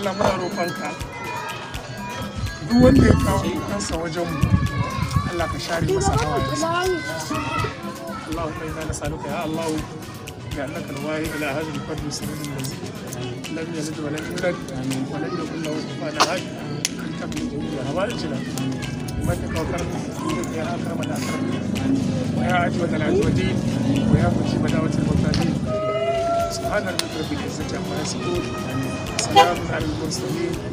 Allah muna roƙon duk wanda ya kawo kansa wajen mu ka share masa hawa Allahu kai ya Allah ya Allah kal wayi ila Gracias el micro al